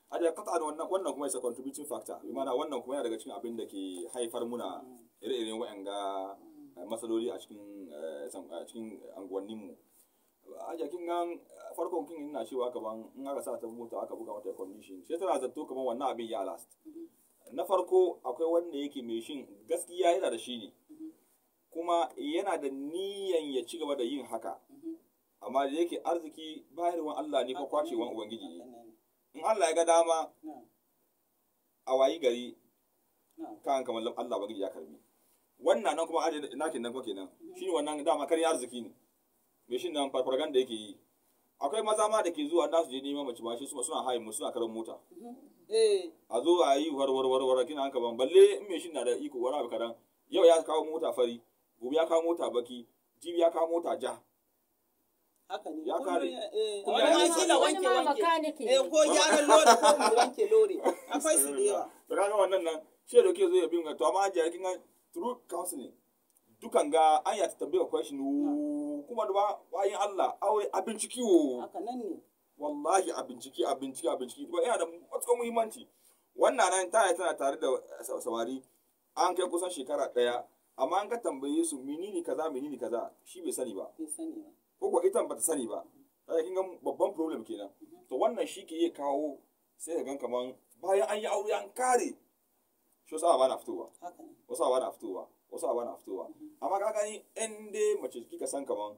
Speaker 1: ada kata wannan wannan kuma isa contributing factor bi mana wannan kuma yana daga cikin abin da ke haifar muna ire-iren wa'anga eh, matsaloli a cikin eh, cikin anguwanninmu a jakin gan farkon kin ina cewa kaman in aka sa ta mota aka buga mata condition sai tana zato kaman wannan abin ya last na farko akwai wanda yake mai shin gaskiya yana da shi ne kuma yana da niyan ya ci gaba da yin haka amma da yake arziki bayarwan Allah ne ko kwacewan ubangiji ne in Allah ya ga dama a wayi gari kan kamar Allah bagiji ya karbi wannan nan kuma aje nakin nan kuma kenan shine wannan dama kar ya arziki ne me shin nan propaganda yake yi akwai maza ma da ke zuwa da su je neman mace ba shi suna haye mu suna karan mota mm-hmm. eh. a zo a yi war war war war kina hanka ban balle in me shin na da iko wara abu karan yau ya kawo mota fari gobe ya kawo mota baki jibi ya kawo mota ja haka ne ya kare kuma ya eh, kila wanke wanke
Speaker 4: eh ko gyaran lori ko mu
Speaker 1: wanke lori akwai su da yawa daga *laughs* wannan nan shi da ke zo ya bi mu to amma an jira kin ga through counseling dukan ga an ya tambaya question kuma da bayan Allah aure abinci kiwo haka nan ne wallahi abinciki abinciki abinciki ba yana da matuƙar muhimmanci wannan nan tana tana tare da samari an kai kusan shekara ɗaya amma an ka tambaye su menene kaza menene kaza shi bai sani ba bai sani ba ko ko ita ta sani ba kaga kin ga babban problem kenan to wannan shi ke iya kawo sai ka gan kaman bayan an yi aure an kare shi wasu ba na fitowa wasu ba na fitowa wasu ba na fitowa amma ka gani in dai mace kika san kaman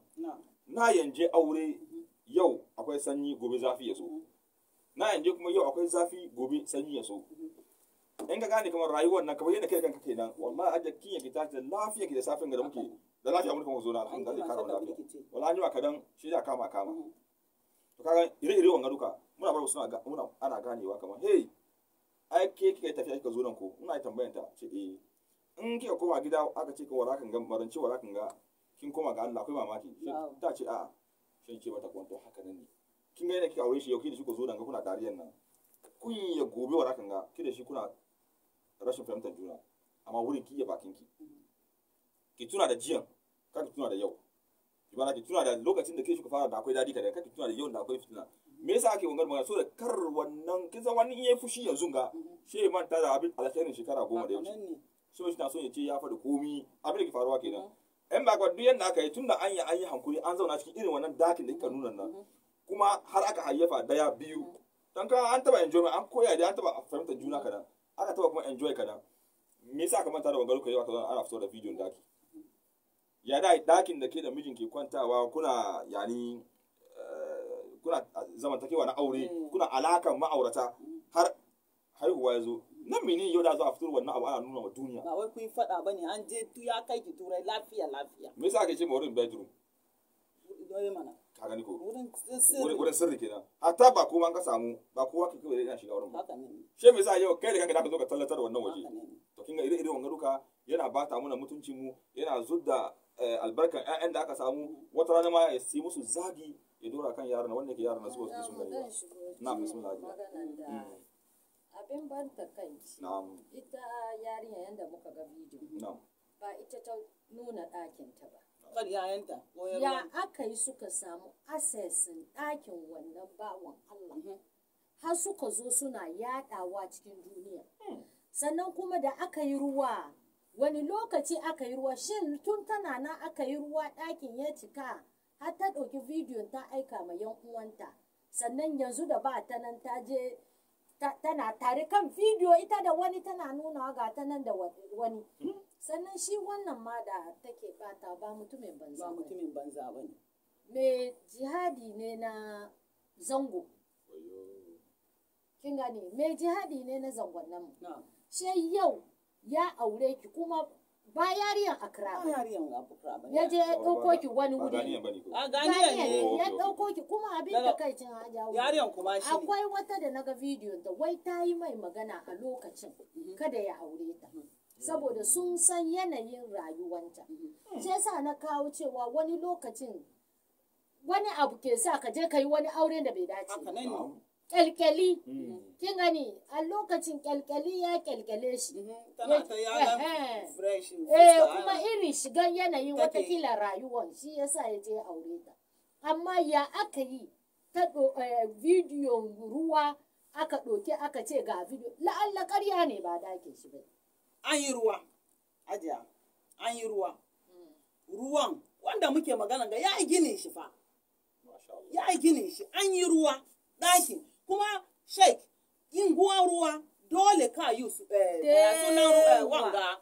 Speaker 1: na yanje aure yau akwai sanyi gobe zafi ya so na yanje kuma yau akwai zafi gobe sanyi ya so in ka gane kamar rayuwar nan kamar yadda kai kanka kenan wallahi ajja kin yake tashi lafiya ke da safin ga da muke da lafiya mulkin wazo na alhamdu ka rabu lafiya wala an jima dan shi da kama kama mm-hmm. to kaga ire ire wanga duka muna bar suna muna ana ganewa kamar hey ai ke kike tafiya kika zo nan ko ina tambayan ta ce eh in kika koma gida aka ce ka warakan ga maranci kan ga kin koma ga Allah akwai mamaki ta ce a'a shi ce mata kwanto haka nan ne kin ga yana kika aure shi yau da shi ku zo nan ga kuna dariyan nan kun ya gobe kan ga da shi kuna rashin fahimtar juna amma wurin ki ya bakin ki mm-hmm. ki tuna da jiyan kar ki tuna da yau ki bana ki tuna da lokacin da ke shi ka fara da akwai dadi kada kar ki tuna da yau da akwai fitina me yasa ake wangar magana so da kar wannan kin san wani yayi fushi yanzu ga shi ta da abin alkhairin shekara goma da yau so shi na so ya ce ya faɗi komi abin da ke faruwa kenan mm-hmm. yan ba duk yanda aka yi tun da an yi an yi hankuri an zauna cikin irin wannan dakin da kika nuna nan mm-hmm. kuma har aka hayyafa daya biyu mm-hmm. don ka an taba enjoy an koya da an taba fahimtar juna kadan aka taba kuma enjoy kadan me yasa ka manta da wangaru kai zo ana fito da bidiyon daki ya da dakin da ke da mijin ke kwantawa kuna yani eh, kuna zamantakewa na aure mm. kuna alakan ma'aurata har haihuwa ya zo nan mini yau da zo a fitar wannan abu ana nuna wa duniya
Speaker 2: ba wai kun faɗa ba ne an je tu ya kai ki turai lafiya lafiya
Speaker 1: me yasa ake ce ma wurin bedroom dole mana ka gani ko wurin sirri kenan hatta ba an ka samu ba kowa ke kawai yana shiga wurin ba she me yasa yau kai da kanka da ka zo ka tallatar wannan waje to kinga ire-iren wannan duka yana bata mana mutuncin mu yana zudda Eh, albarkan ƴaƴan da aka samu wata rana ma ya yi musu zagi ya dora kan yaran wanda yake yaran su wasu sun gari ba na bismillah
Speaker 3: mm.
Speaker 4: abin ban kai ita yarinya yanda muka ga bidiyo ba ita ta nuna ta ba kan
Speaker 2: ta ya
Speaker 4: aka yi suka samu asesin ɗakin wannan bawan Allah mm-hmm. har suka zo suna yaɗawa cikin duniya mm. sannan kuma da aka yi ruwa wani lokaci aka yi ruwa shin tun tana na aka yi ruwa ɗakin ya cika har ta ɗauki bidiyon ta aika ma yan uwanta sannan yanzu da ba ta nan ta je tana tare kan bidiyo ita da wani tana nuna ga ta nan da wani sannan shi wannan ma da take bata ba mutumin banza ba mutumin banza ba ne me jihadi ne na zango kin gane me jihadi ne na zangon nan shi yau ya aure ki kuma ba yariyan a ba yariyan ba ya je ya dauko ki wani wuri a ganiyan ne ya dauko ki kuma abin da kai cin hajawo yariyan kuma shi akwai wata da naga bidiyon ta wai ta yi mai magana a lokacin mhm. kada ya aure ta mhm. saboda sun san yanayin rayuwanta mhm. sai sa na kawo cewa wani lokacin wani abu ke sa ka je ka yi wani auren da bai dace kyalkyali hmm. kin gani a lokacin kyalkyali ya kyalkyale shi mhm.
Speaker 2: eh, eh. eh ah. kuma
Speaker 4: irin shigan yanayin watakila rayuwar shi yasa ya je aure ta amma ya aka yi ta eh, bidiyo ruwa aka ɗauke aka ce ga
Speaker 2: bidiyo la'alla ƙarya ne ba dake shi ba an yi ruwa ajiya an yi ruwa hmm. ruwan wanda muke magana ga ya yi ginin shi fa ya yi ginin shi an yi ruwa ɗakin kuma sheik yin guwan ruwa dole ka yi sunan eh, eh, wanga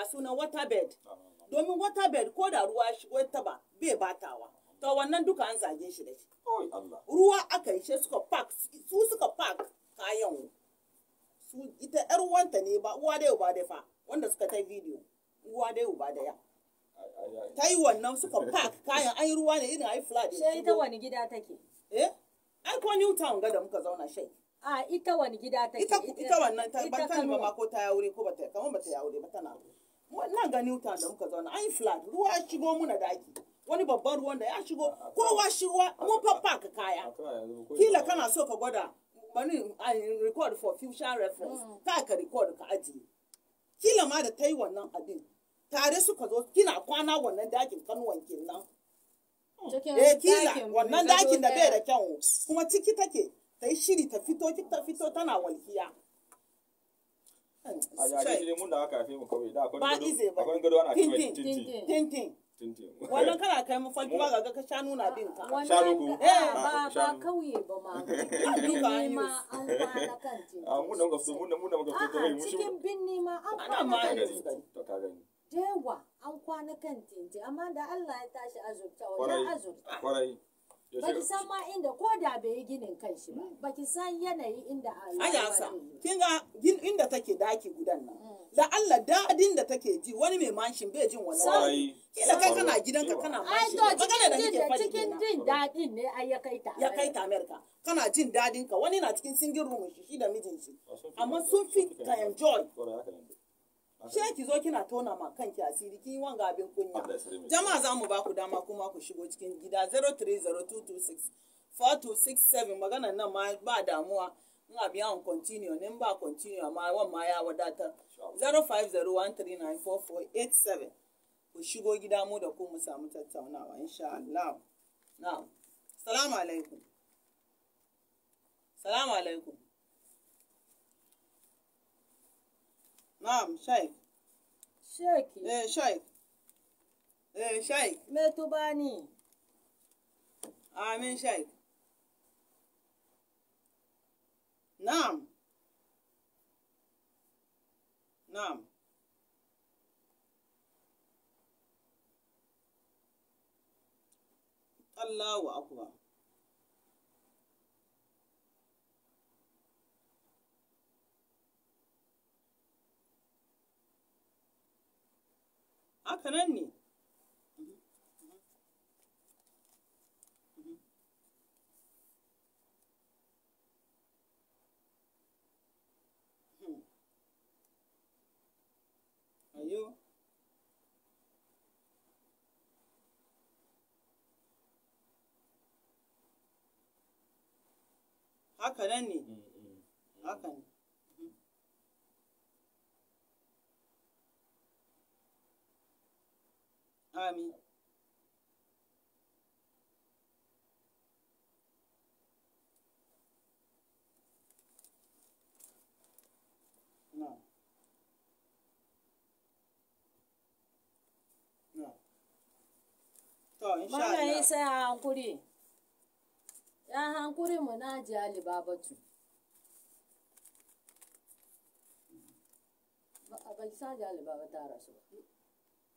Speaker 2: a sunan eh, waterbed domin waterbed ko da ruwa shigo taba bai batawa to wannan duka an zage shi da shi ruwa aka yi shi suka park su suka park kayan su ita yar wanta ne ba uwa da uba da fa wanda suka ta video uwa da uba da ya ta yi wannan suka park kayan an yi ruwa ne irin ai flat shi ita wani gida take eh ai ko new town ga da muka zauna shai
Speaker 4: a ita wani gida ta ita ita wannan ta ban kan ba
Speaker 2: ko ta aure ko bata kamar bata aure ba tana wannan ga new town da muka zauna ai flat ruwa ya shigo muna daki wani babban ruwan da ya shigo kowa shiwa mu fafa ka kaya kila kana so ka gwada bani I record for future reference ta mm. ka record ka ajiye kila ma da ta yi wannan abin tare suka zo kina kwana wannan dakin kanuwan kenan
Speaker 3: eh kila
Speaker 2: wannan dakin da bai da kyau kuma ciki take ta yi shiri ta fito ta fito tana walkiya hmm,
Speaker 1: a yare shi mun da aka fi mu kawai da akwai gado ana kawai
Speaker 2: tintin
Speaker 1: tintin wannan
Speaker 2: *laughs* kana kai mu fanki ba ga ka shanu na ah, ka shanu
Speaker 1: ku eh. ba ba
Speaker 2: kauye ba ma
Speaker 4: *laughs* duka ma an
Speaker 1: kwana kan tintin ah, a mun da muka fito mun da muka fito eh, mun shi cikin
Speaker 4: binni ma an kwana kan tintin to ka yawa an kwana kan tinti amma da Allah ya tashi azurta wajen azurta baki san ma inda ko da bai yi ginin kan shi ba mm. baki san yanayi inda Allah ya sa
Speaker 2: kin ga inda take daki gudan nan da mm. Allah dadin da take ji wani mai manshin bai jin wani kwarai kila kai kana gidanka kana manshin magana da kike fadi cikin jin dadin ne ai ya kaita ya kaita America kana jin dadin ka wani na cikin single room shi da mijin shi amma sun fi ka enjoy She ki zo kina tona ma kanki asiri ki wanga abin kunya. Jama'a za mu ba ku dama kuma ku shigo cikin gida 0302264267 magana nan ma ba damuwa. In abi an continue ne ba continue amma wan ma ya wadatar. 0501394487 ku shigo gida mu da ku mu samu tattaunawa insha Allah. Na'am. Salamu alaikum. Salamu alaikum. Naam, Sheikh. Sheikh. Eh, Sheikh. Eh, Sheikh. Metubani. Amin, Sheikh. Naam. Naam. Allahu akbar. haka nan ne ayo haka nan ne mm, mm, mm. haka ne Amin.
Speaker 3: Não. Não. To, insha Allah. Mana sai
Speaker 4: hankuri. Ya hankuri mu na ji Ali Babatu. Ba a bai sa ji Ali Babatu rasu ba.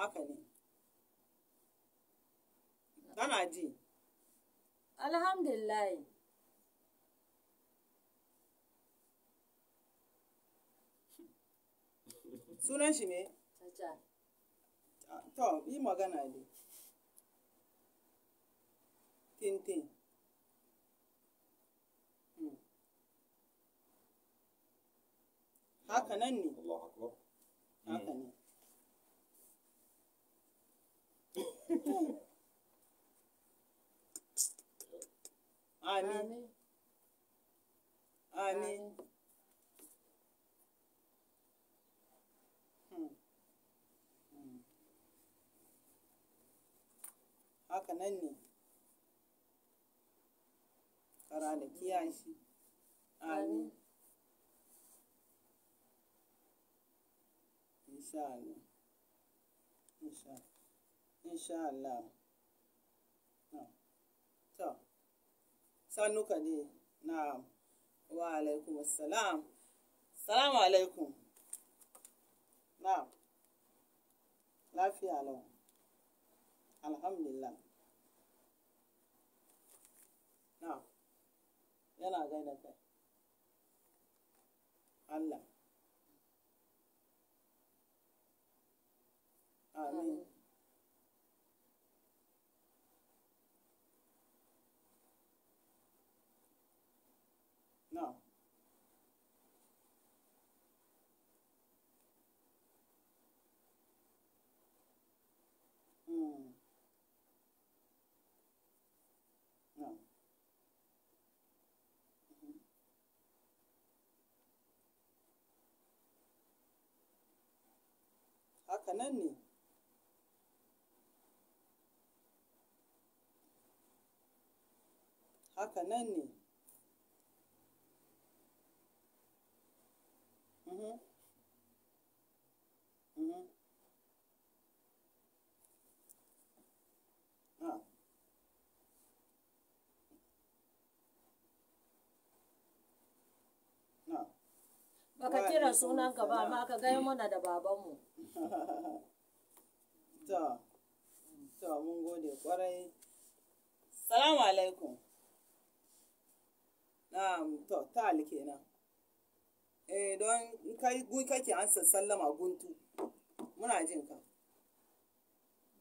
Speaker 2: haka ne kana ji
Speaker 4: alhamdulillah
Speaker 2: shi ne? Ah, to yi magana ne tintin hmm. haka nan Amin. Amin.
Speaker 3: Hmm. Hmm.
Speaker 2: Haka nan ne, kara da kiyashi. Amin. insha Allah to sannu ka ne na wa alaikum assalam salamu alaikum na lafiya lau alhamdulillah na yana gaida kai Allah amin haka nan ne haka nan ne mhm.
Speaker 3: baka kira sunan ka ba amma ka gaya mana da
Speaker 2: babanmu *laughs* to to mun gode kwarai salamu alaikum na'am to ta kenan eh don kai gun kake ansa sallama guntu muna jin ka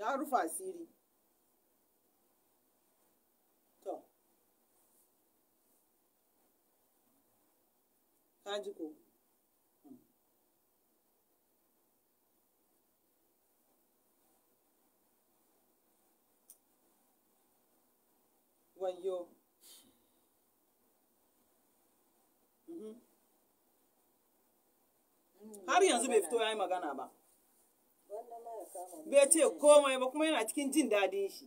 Speaker 2: ya rufa asiri to kaji ko hmm. wayo mhm. hmm. har yanzu bai fito ya yi magana ba bai ce komai ba kuma yana cikin jin dadin shi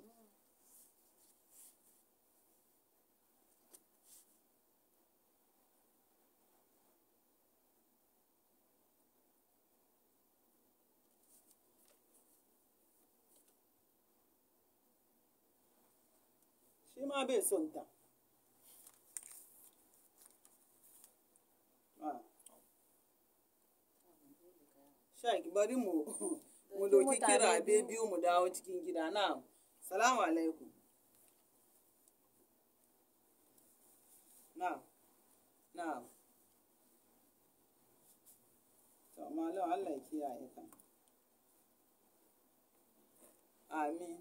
Speaker 2: shi ma bai son ta ah. bari mu *laughs* mu doki kira be biyu mu dawo cikin gida na salamu alaikum na na to malam Allah ya kiyaye ka amin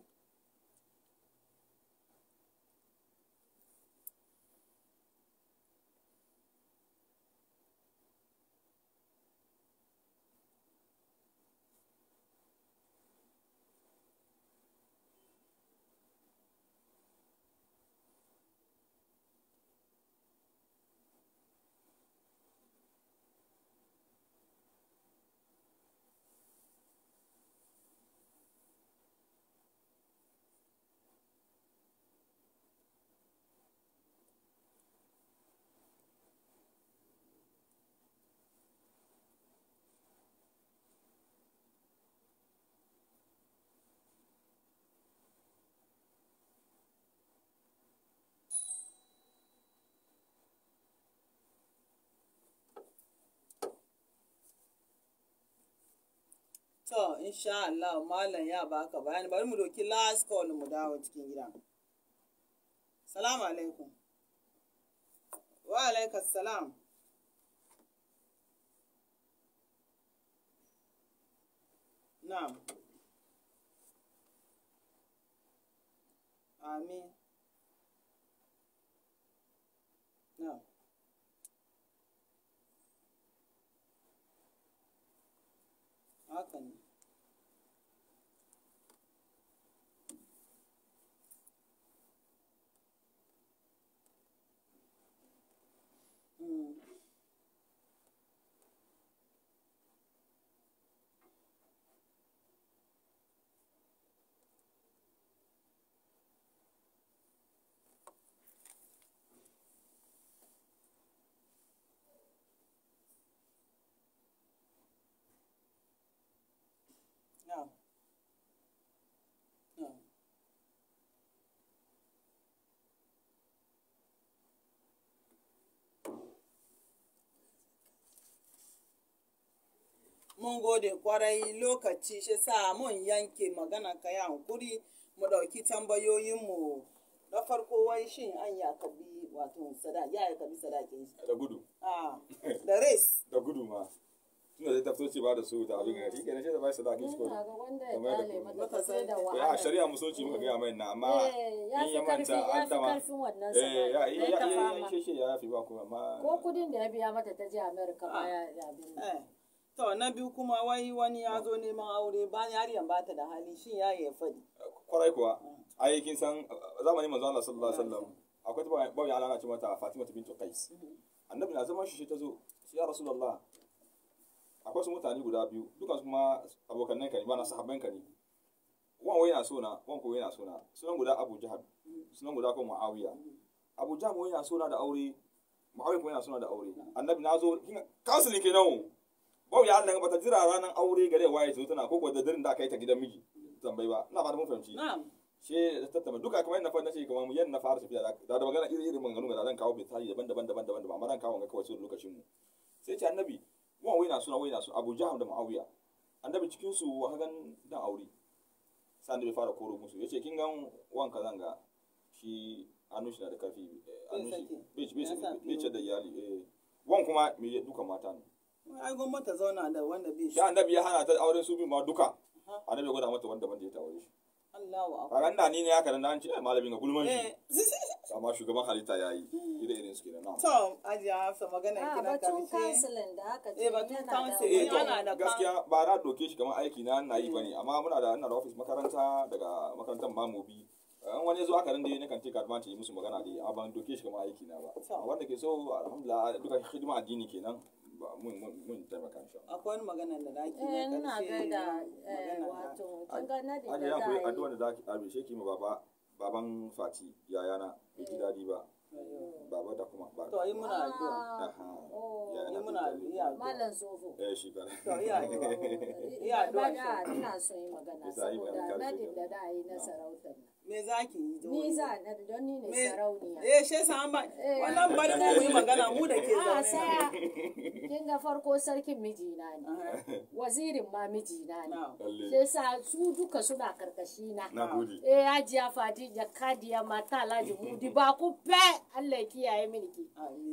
Speaker 2: To, insha Allah, Malam ya baka bayani, bari mu doki last call mu dawo cikin gida. Salamu alaikum. Wa alaikas salam. Na'am. Amin. Na'am. Hakan mun gode kwarai lokaci shi sa mun yanke magana ka yi hankuri mu ɗauki tambayoyinmu na farko wai shin an ya kabi wato sada ya ya kabi sada shi da gudu ah
Speaker 1: da res. da gudu ma tunda da tafto ce ba da su da abin gari shi kenan shi da bai sadakin shi ko ga wanda ya kale mata sai da wahala ya shari'a musoci muka ga mai na amma in ya manta an ta ma eh ya ya ya shi shi ya fi ba ko
Speaker 2: ko kudin da ya biya mata ta je America ba ya abin To na biyu kuma wai wani ya zo neman aure ba yariyan ba ta da hali
Speaker 1: shin ya yi faɗi. Kwarai kuwa mm. ai kin san zamanin manzo Allah sallallahu alaihi wasallam mm. akwai ba ba ya alana mata Fatima bintu Qais. Mm-hmm. Annabi na zama shi ta zo shi ya Rasulullah akwai su mutane guda biyu dukan kuma abokan nan ka ne ba na sahabban ka ne. Wan wai na so na wan ko wai na so na sunan guda Abu Jahal mm. sunan guda kuma Muawiya. Abu Jahl wai na so na da aure Muawiya kuma yana so na da aure. Annabi na zo kansu ne kenan. ko ya Allah bata jira ranar aure gare waye zo tana ko da dirin da aka yi ta gidan miji tambayi ba ina fata mun fahimci she tattama duka kuma yadda fara nace kamar yadda na fara tafiya da da magana iri iri mun maganganu da zan kawo misali daban-daban daban-daban amma zan kawo ga kawai sun lokacin mu sai ce annabi wa waina suna waina su Abu Jahl da Muawiya annabi cikin su hagan dan aure sai annabi fara koro musu yace kin ga wanka zanga shi anushi na da karfi anushi bi bi bi ce da yali eh wan kuma me duka mata ne
Speaker 2: ai gwamma ta zauna da wanda bai shi annabi ya
Speaker 1: hana ta aure su bi ma duka annabi ya gwada mata wanda wanda ya ta aure shi
Speaker 2: Allahu akbar kaga ni
Speaker 1: ne haka nan an ce eh, malamin ga gulman shi eh. amma shugaban halitta yayi ire irin su kenan
Speaker 2: to ajiya hafsa magana ah, kina karshe ba tun kansilin da haka eh batun counseling yana da eh, gaskiya
Speaker 1: ba ra doke shi kamar aiki na na yi bane mm. amma muna da ina da office makaranta daga makarantar mamobi an wani zo haka nan dai nakan take advantage musu magana dai a ban doke shi kamar aiki na ba wanda ke so alhamdulillah duka hidima addini kenan ba mun taimaka shi akwai wani magana da za ki na eh, ina ga gaida eh,
Speaker 4: wato kin ga na
Speaker 3: da ya ku addu'a da
Speaker 1: zaki abi ki ma baba baban Fati yaya na bai ji dadi ba baba da kuma ba to ai muna addu'a ah, aha
Speaker 3: oh. yaya muna addu'a
Speaker 1: mallan sofo eh shi ba to iya addu'a *laughs* yi addu'a
Speaker 4: ina so yi magana
Speaker 1: saboda
Speaker 3: na
Speaker 2: da da ai na sarautar nan me za ki yi don ni za
Speaker 4: da don ni ne sarauniya
Speaker 3: eh
Speaker 2: she sa an ba eh. wallan bari mu yi magana
Speaker 3: mu da ke zaune a ah, saya
Speaker 2: kin ga
Speaker 4: farko sarkin mijina ne wazirin ma mijina ne she sa su duka suna karkashi na eh ajiya fati ya kadiya mata mu di ba ku fe Allah ya kiyaye mini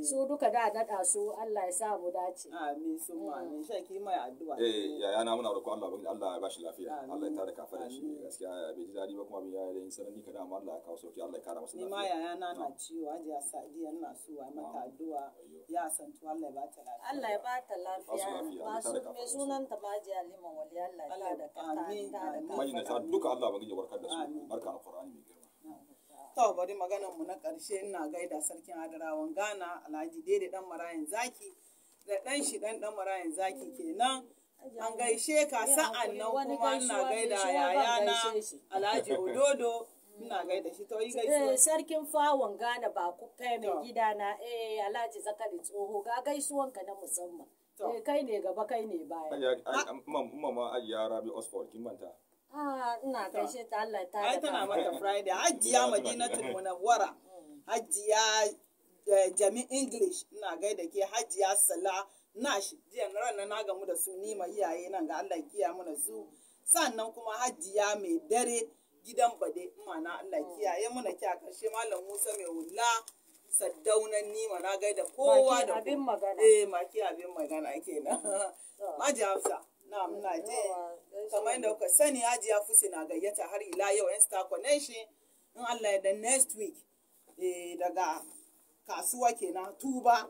Speaker 4: su duka da dada su Allah ya sa mu dace amin
Speaker 2: su ma eh. ne. shan ki mai addu'a
Speaker 4: eh
Speaker 1: yaya na muna roƙon Allah Allah ya bashi lafiya Allah ya tare kafa da shi gaskiya bai ji dadi ba kuma bai yi sananni ka dama Allah ya kawo sauki Allah ya kara masa lafiya. Ni ma yaya na na
Speaker 2: ciwo ajiya yan na suwa mata addu'a ya san to Allah ya ba ta lafiya. Allah ya ba ta
Speaker 4: lafiya. Masu mai sunan ta ba ma ajiya liman wali Allah ya da ka ta da
Speaker 3: ka.
Speaker 1: Mai na ta duka Allah bangiji barkar da su barka alqur'ani mai girma. To bari
Speaker 2: maganar mu na karshe ina gaida sarkin Adarawan Ghana Alhaji Dede dan Marayan Zaki da dan shi dan dan Marayan Zaki kenan. an gaishe ka sa'an nan kuma ina gaida yayana alhaji ododo ina gaida shi to yi eh, gaisuwa
Speaker 4: sarkin fawon gana ba ku kai mai gida na eh alhaji zakari tsoho ga gaisuwan ka na musamman eh kai ne gaba kai ne baya
Speaker 1: ma ajiya rabi oxford kin manta
Speaker 4: ah ina gaishe ta Allah ta ai tana mata friday *laughs* hajiya
Speaker 1: madinatul
Speaker 2: munawwara mm. ajiya eh, jami'in english ina gaida ke hajiya salah na shi jiya ranar na gamu da su ni ma iyaye nan ga Allah kiya mana su sannan kuma hajiya mai dare gidan bade na Allah oh. kiyaye mana kiya karshe malam Musa mai hula saddaunan nima na gaida kowa da abin magana eh maki abin magana kenan maji oh. *laughs* hafsa na muna je kamar yadda kuka sani hajiya fusi na gayyata har ila yau insta star connection in Allah ya da next week eh, daga kasuwa kenan tuba